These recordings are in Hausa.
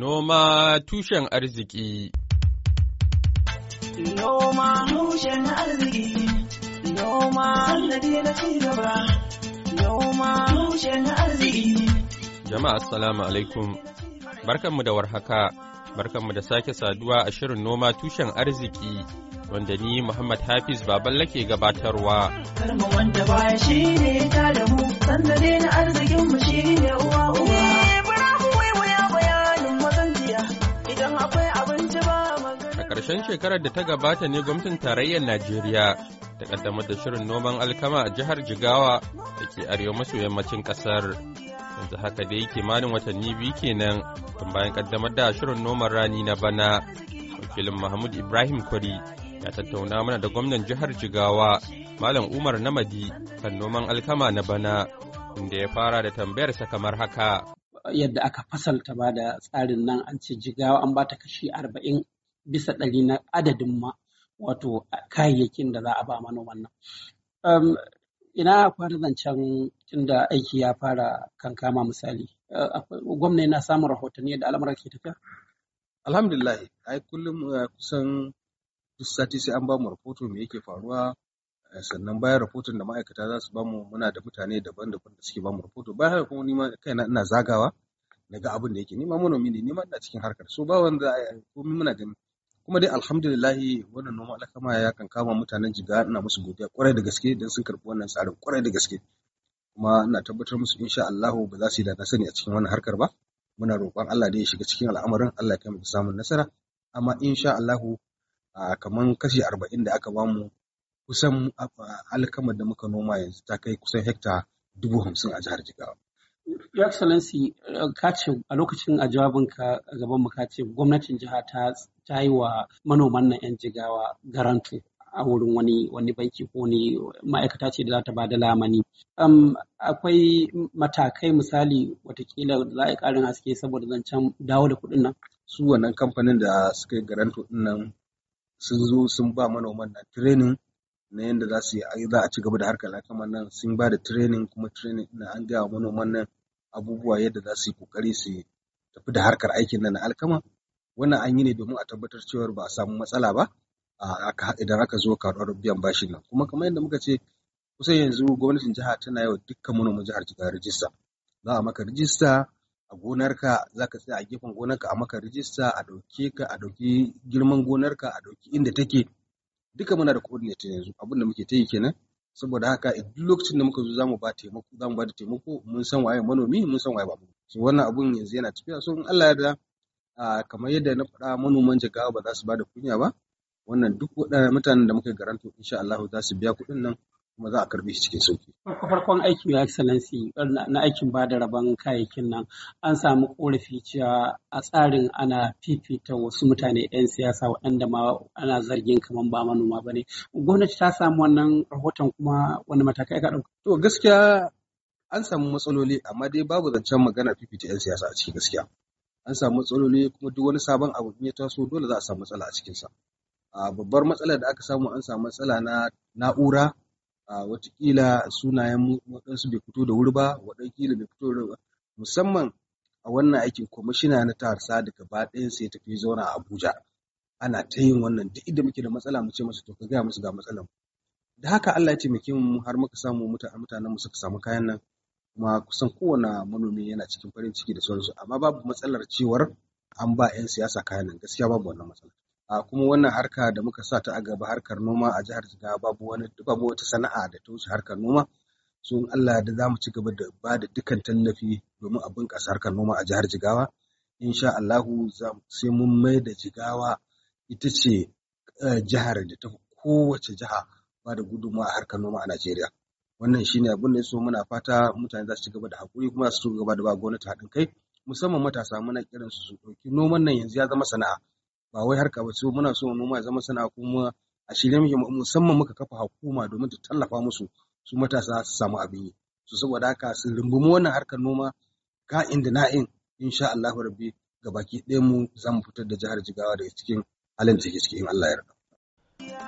Noma tushen arziki Noma tushen arziki Noma sannadi na cigaba Noma tushen arziki Jama'a assalamu alaikum Barkanmu da warhaka Barkanmu da sake saduwa a shirin noma tushen arziki wanda ni Muhammad Hafiz baban ke gabatarwa. Karma wanda baya shi ne ta da mu, sanda na arzikin mu shi ne uwa uwa. karshen shekarar da ta gabata ne gwamnatin tarayyar Najeriya ta kaddamar da shirin noman alkama a jihar Jigawa da ke arewa maso yammacin ƙasar. Yanzu haka da yake kimanin watanni biyu kenan tun bayan kaddamar da shirin noman rani na bana. Wakilin Mahmud Ibrahim Kwari ya tattauna mana da gwamnan jihar Jigawa Malam Umar Namadi kan noman alkama na bana inda ya fara da tambayarsa kamar haka. Yadda aka fasalta ba da tsarin nan an ce jigawa an ba ta kashi arba'in bisa ɗari na adadin ma wato kayayyakin da za a ba manoman nan. ina fara zancen tunda aiki ya fara kankama misali. Eh, gwamna yana samun rahotanni da al'amura ke tafiya? Alhamdulillah, ai kullum eh, kusan duk sati sai an ba mu rahoto me yake faruwa eh, sannan bayan rahoton da ma'aikata za su bamu muna da mutane daban-daban da suke bamu rahoto bayan haka kuma nima kaina ina zagawa na ga abin da yake nima manomi ne nima ina cikin harkar so ba wanda komai muna ganin kuma dai alhamdulillahi wannan noma alkama ya kan kama mutanen jiga ina musu godiya kwarai da gaske don sun karɓi wannan tsarin kwarai da gaske kuma ina tabbatar musu insha Allah ba za su yi da na sani a cikin wannan harkar ba muna roƙon Allah da ya shiga cikin al'amarin Allah ya kai mu samun nasara amma insha Allah kamar kashi arba'in da aka bamu kusan alkamar da muka noma yanzu ta kai kusan hekta dubu hamsin a jihar Jigawa Your Excellency, ka ce a lokacin a jawabinka gaban mu ka ce gwamnatin jiha ta ta yi wa manoman nan 'yan jigawa garantu a wurin wani wani banki ko ne ma'aikata ce da za ta ba da lamani. akwai matakai misali watakila za a yi ƙarin haske saboda zancen dawo da kuɗin nan. Su wannan kamfanin da suka yi garantu din nan sun zo sun ba manoman nan training na yadda za su yi za a ci gaba da harkar kamar nan sun ba da training kuma training na an gaya manoman nan abubuwa yadda za su yi kokari su tafi da harkar aikin nan na alkama wannan an yi ne domin a tabbatar cewa ba a samu matsala ba idan aka zo karuwar biyan bashin nan kuma kamar yadda muka ce kusan yanzu gwamnatin jiha tana yawa dukkan manoman jihar jiga rijista za a maka rijista a gonarka za ka tsaya a gefen gonarka a maka rijista a ɗauke ka a ɗauki girman gonarka a ɗauki inda take duka muna da coordinator yanzu abin da muke ta yi kenan saboda haka duk lokacin da muka zo zamu ba taimako zamu ba da taimako mun san waye manomi mun san waye babu so wannan abun yanzu yana tafiya so in Allah ya da kamar yadda na faɗa manoman jagawa ba za su ba da kunya ba wannan duk mutanen da muka garanto insha Allah za su biya kuɗin nan kuma za a karbi shi cikin sauki. Farkon aikin ya excellency na aikin ba da rabon kayayyakin nan an samu korafi cewa a tsarin ana fifita wasu mutane 'yan siyasa waɗanda ma ana zargin kamar ba manoma ba ne. Gwamnati ta samu wannan rahoton kuma wani matakai ka ɗauka. To gaskiya an samu matsaloli amma dai babu zancen magana fifita 'yan siyasa a cikin gaskiya. An samu matsaloli kuma duk wani sabon abu in ya taso dole za a samu matsala a cikinsa. Babbar matsalar da aka samu an samu matsala na na'ura watakila sunayen waɗansu bai fito da wuri ba waɗansu bai fito da ba musamman a wannan aikin kwamishina na tahar da gaba ɗayan sai tafi zauna a abuja ana ta yin wannan duk inda muke da matsala mu ce masu to ka gaya musu ga matsala. da haka Allah ya taimake mu har muka samu mutanen mu suka samu kayan nan kuma kusan kowane manomi yana cikin farin ciki da sauransu amma babu matsalar cewar an ba 'yan siyasa kayan nan gaskiya babu wannan matsalar a kuma wannan harka da muka sa ta a gaba harkar noma a jihar jigawa babu wani babu wata sana'a da ta wuce harkar noma sun Allah da zamu ci gaba da ba da dukkan tallafi domin a bunƙasa harkar noma a jihar jigawa insha Allahu sai mun mai da jigawa ita ce eh, jihar da ta kowace jiha ba da gudunmawa a harkar noma a Najeriya wannan shine abin da so muna fata mutane za su ci gaba da hakuri kuma su ci gaba da ba gwamnati haɗin kai musamman matasa muna kiran su su ɗauki noman nan yanzu ya zama sana'a ba wai harka ba so muna so noma ya zama sana'a kuma a shirye muke musamman muka kafa hukuma domin ta tallafa musu su matasa su samu abin yi su saboda haka su rumbumi wannan harkar noma ka inda da na'in insha Allah rabbi gabaki ɗaya mu za mu fitar da jihar Jigawa daga cikin halin da cikin Allah ya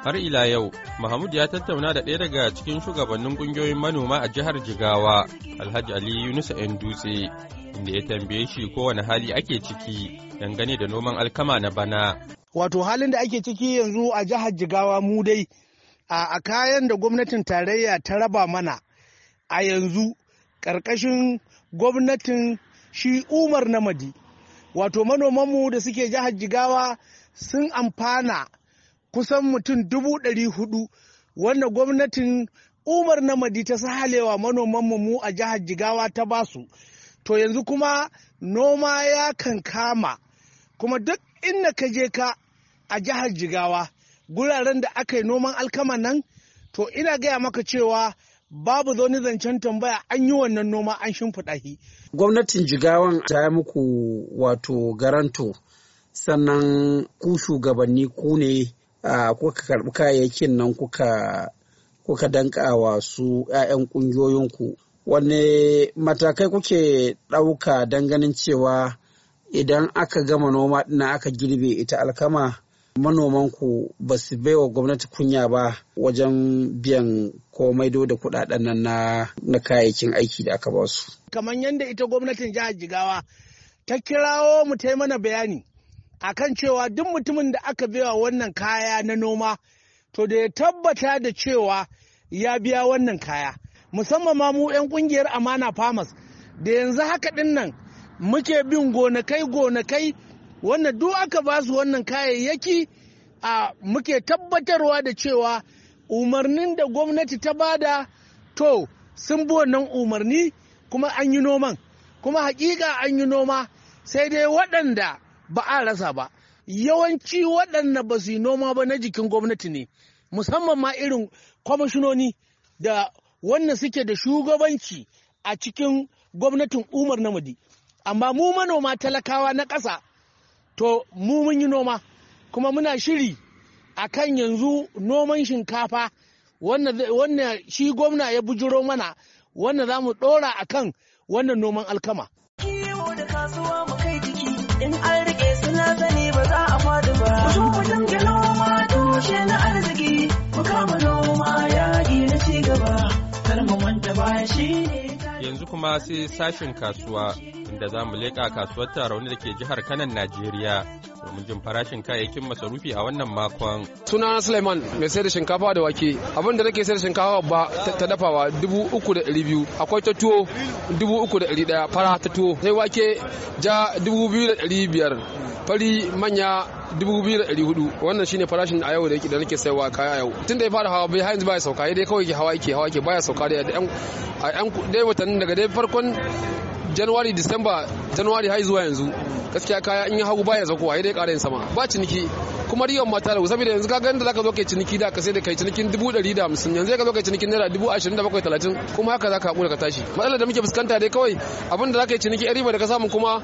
Har ila yau, Mahmud ya tattauna da ɗaya daga cikin shugabannin ƙungiyoyin manoma a jihar Jigawa, Alhaji Ali Yunusa ‘yan dutse, inda ya tambaye shi kowane hali ake ciki dangane da noman alkama na bana. Wato halin da ake ciki yanzu a jihar Jigawa mu dai a kayan da gwamnatin tarayya ta raba mana a yanzu ƙarƙashin gwamnatin shi Umar Namadi. Wato manomanmu da suke jihar Jigawa sun amfana kusan mutum dubu ɗari hudu wanda gwamnatin Umar Namadi ta sahalewa manomanmu mu a jihar Jigawa ta basu. to yanzu kuma noma ya kan kama kuma duk inda ka je ka a jihar jigawa guraren da aka yi noman alkama nan to ina gaya maka cewa babu ni zancen tambaya an yi wannan noma an shimfiɗa shi. Gwamnatin Jigawan ta yi muku wato garanto sannan ku shugabanni ku ne kuka karɓi kayayyakin nan kuka danka wa su 'ya'yan ƙungiyoyinku wanne matakai kuke ɗauka don ganin cewa idan aka gama noma ɗina aka girbe ita alkama Manomanku ba su baiwa gwamnati kunya ba wajen biyan komai maido da kuɗaɗen nan na kayayyakin aiki da aka ba su. Kamar yadda ita gwamnatin jihar Jigawa ta kirawo mu ta mana bayani akan cewa duk mutumin da aka baiwa wannan kaya na noma to da ya tabbata da cewa ya biya wannan kaya. musamman ma mu 'yan kungiyar amana farmers da yanzu haka din nan muke bin gonakai gonakai wannan duk aka ba su wannan kayayyaki a muke tabbatarwa da cewa umarnin da gwamnati ta bada to sun bi wannan umarni kuma an yi noman kuma hakika an yi noma sai dai waɗanda ba a rasa ba yawanci waɗanda ba su yi noma ba na jikin gwamnati ne musamman ma irin kwamishinoni da wannan suke da shugabanci a cikin gwamnatin umar namadi amma mu manoma talakawa na ƙasa to mu mun yi noma kuma muna shiri a kan yanzu noman shinkafa wannan shi gwamna ya bujiro mana wannan za mu ɗora a kan wannan noman alkama. Kiwo da kasuwa jiki in an rike suna ba za a ba. na arziki. Yanzu kuma sai sashin kasuwa inda za mu leƙa kasuwar tarauni da ke jihar Kanan Najeriya domin jin farashin kayayyakin masarufi a wannan makon. Suna Suleiman mai sayar da shinkafa da wake abin da nake sayar da shinkafa ba ta dafawa dubu uku da ɗari biyu akwai ta tuwo dubu uku da ɗari ɗaya fara ta tuwo sai wake ja dubu biyu da ɗari biyar fari manya 2400 wannan shine farashin a yau da yake da nake saiwa kaya yau tun da ya fara hawa bai yanzu baya sauka dai kawai ke hawa yake hawa yake baya sauka da yan dai watannin daga dai farkon januwari disamba januwari har zuwa yanzu gaskiya kaya in ya hagu baya zaku ai dai ƙara yin sama ba ciniki kuma riyon mata da saboda yanzu kaga inda zaka zo kai ciniki da ka sai da kai cinikin dubu ɗari da hamsin yanzu ka zo kai cinikin naira dubu ashirin da bakwai talatin kuma haka zaka haƙura ka tashi matsalar da muke fuskanta dai kawai abin da zaka yi ciniki yan riba da ka samu kuma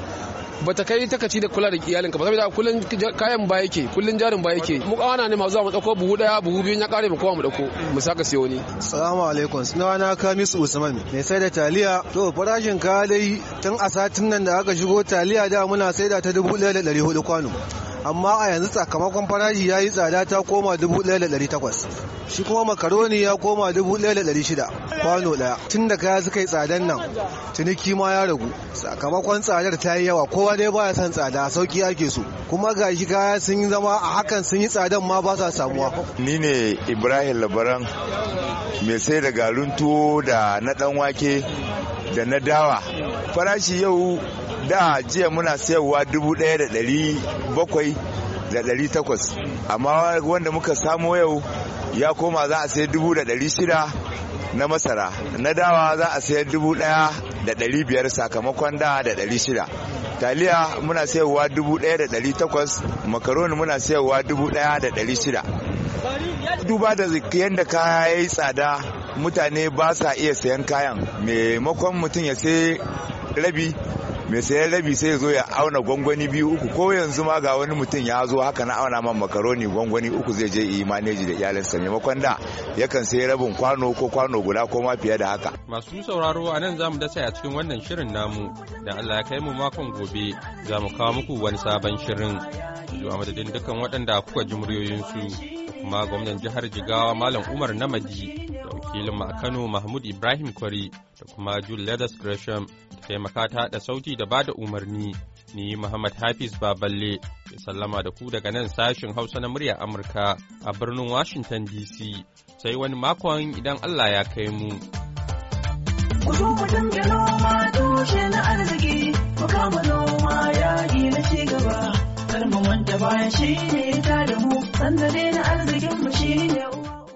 ba ta kai takaci da kula da iyalinka ba saboda kullun kayan ba yake kullun jarin ba yake mu kawana ne ma zuwa mu dauko buhu daya buhu biyu ya kare mu kowa mu dauko mu saka siyo ni assalamu alaikum sunana Kamis Usman mai sai da taliya to farashin ka dai tun a satin nan da aka shigo taliya da muna sai da ta 1400 kwano amma a yanzu sakamakon faraji ya yi tsada ta koma dubu ɗaya da takwas shi kuma makaroni ya koma dubu ɗaya da shida kwano ɗaya tun da kaya suka yi tsadan nan ciniki ma ya ragu sakamakon tsadar ta yi yawa kowa dai baya son tsada sauki ake so kuma ga shi kaya sun yi zama a hakan sun yi tsadan ma ba sa samuwa. ni ne ibrahim labaran mai sai da garin tuwo da na ɗan wake da na dawa farashi yau da jiya muna sayarwa dubu ɗaya da ɗari bakwai da ɗari takwas amma wanda muka samo yau ya koma za a sayar dubu da ɗari shida na masara na dawa za a sayar dubu ɗaya da ɗari biyar sakamakon da da ɗari shida taliya muna sayarwa dubu ɗaya da ɗari takwas makaroni muna sayarwa dubu ɗaya da ɗari shida duba da yadda kaya ya yi tsada mutane ba sa iya sayan kayan maimakon mutum ya sai rabi mai sayan rabi sai ya zo ya auna gwangwani biyu uku ko yanzu ma ga wani mutum ya zo haka na auna man makaroni gwangwani uku zai je yi maneji da iyalinsa maimakon da yakan sayi rabin kwano ko kwano guda ko ma fiye da haka. masu sauraro a nan zamu mu dasa a cikin wannan shirin namu da allah ya kai mu makon gobe za mu kawo muku wani sabon shirin yanzu a madadin dukkan waɗanda kuka ji su kuma gwamnan jihar jigawa malam umar namadi wakilin a Kano Mahmud Ibrahim Kwari da kuma Jul Leathers Gresham da taimaka ta da sauti da bada umarni. Ni Muhammad Hafiz Baballe da sallama da ku daga nan sashin Hausa na murya Amurka a birnin Washington DC. Sai wani makon idan Allah ya kai mu. Ku zo shi ne ta mu, sandare na arzikin mu shi ne